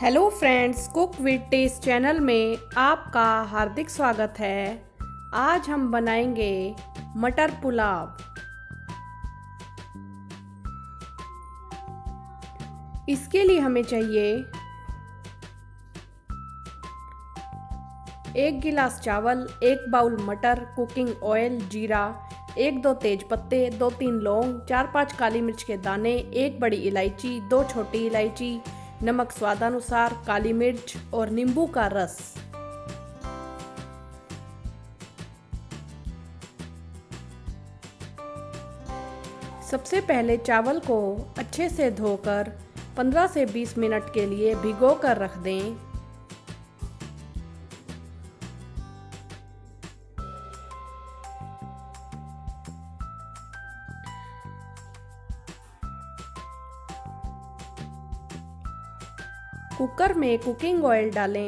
Hello friends cook with taste channel में आपका हार्दिक स्वागत है आज हम बनाएंगे मटर पुलाव इसके लिए हमें चाहिए एक गिलास चावल एक बाउल मटर कुकिंग ऑयल जीरा एक दो तेज पत्ते दो तीन लौंग चार पांच काली मिर्च के दाने एक बड़ी इलायची दो छोटी इलायची नमक स्वादानुसार काली मिर्च और नींबू का रस सबसे पहले चावल को अच्छे से धोकर 15 से 20 मिनट के लिए भिगो कर रख दें कुकर में कुकिंग ऑयल डालें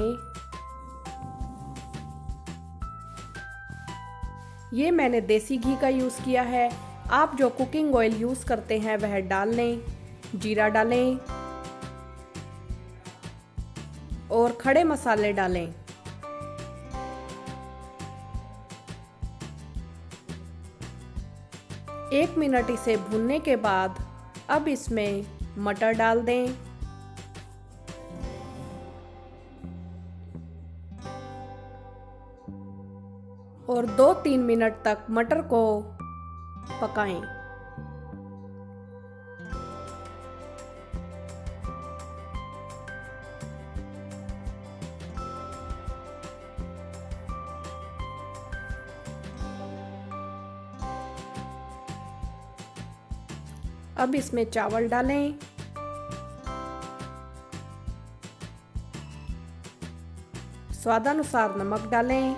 ये मैंने देसी घी का यूज़ किया है आप जो कुकिंग ऑयल यूज़ करते हैं वह डाल लें जीरा डालें और खड़े मसाले डालें एक मिनट इसे भूनने के बाद अब इसमें मटर डाल दें और दो तीन मिनट तक मटर को पकाएं। अब इसमें चावल डालें स्वादानुसार नमक डालें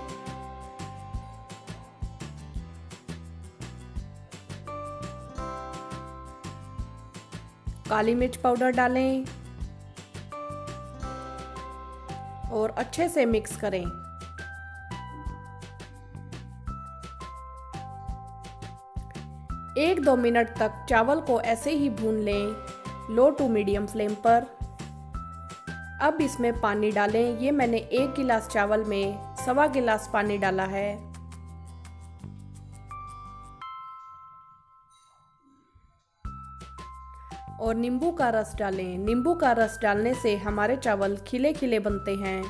काली मिर्च पाउडर डालें और अच्छे से मिक्स करें एक दो मिनट तक चावल को ऐसे ही भून लें लो टू मीडियम फ्लेम पर अब इसमें पानी डालें ये मैंने एक गिलास चावल में सवा गिलास पानी डाला है और नींबू का रस डालें नींबू का रस डालने से हमारे चावल खिले खिले बनते हैं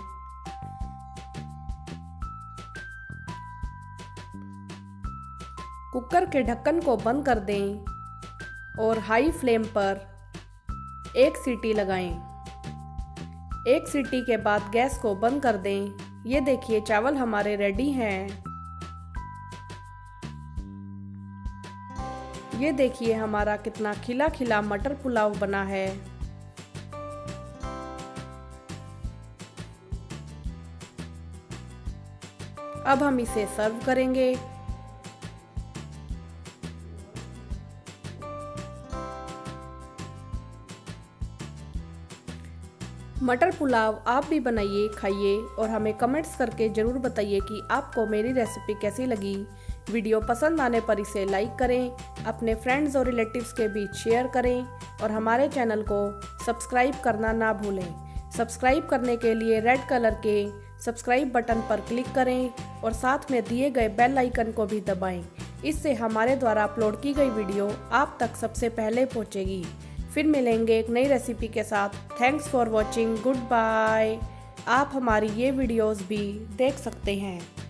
कुकर के ढक्कन को बंद कर दें और हाई फ्लेम पर एक सीटी लगाएं। एक सीटी के बाद गैस को बंद कर दें ये देखिए चावल हमारे रेडी हैं ये देखिए हमारा कितना खिला खिला मटर पुलाव बना है अब हम इसे सर्व करेंगे मटर पुलाव आप भी बनाइए खाइए और हमें कमेंट्स करके ज़रूर बताइए कि आपको मेरी रेसिपी कैसी लगी वीडियो पसंद आने पर इसे लाइक करें अपने फ्रेंड्स और रिलेटिव्स के बीच शेयर करें और हमारे चैनल को सब्सक्राइब करना ना भूलें सब्सक्राइब करने के लिए रेड कलर के सब्सक्राइब बटन पर क्लिक करें और साथ में दिए गए बेल आइकन को भी दबाएं। इससे हमारे द्वारा अपलोड की गई वीडियो आप तक सबसे पहले पहुँचेगी फिर मिलेंगे एक नई रेसिपी के साथ thanks for watching good bye आप हमारी ये वीडियोज़ भी देख सकते हैं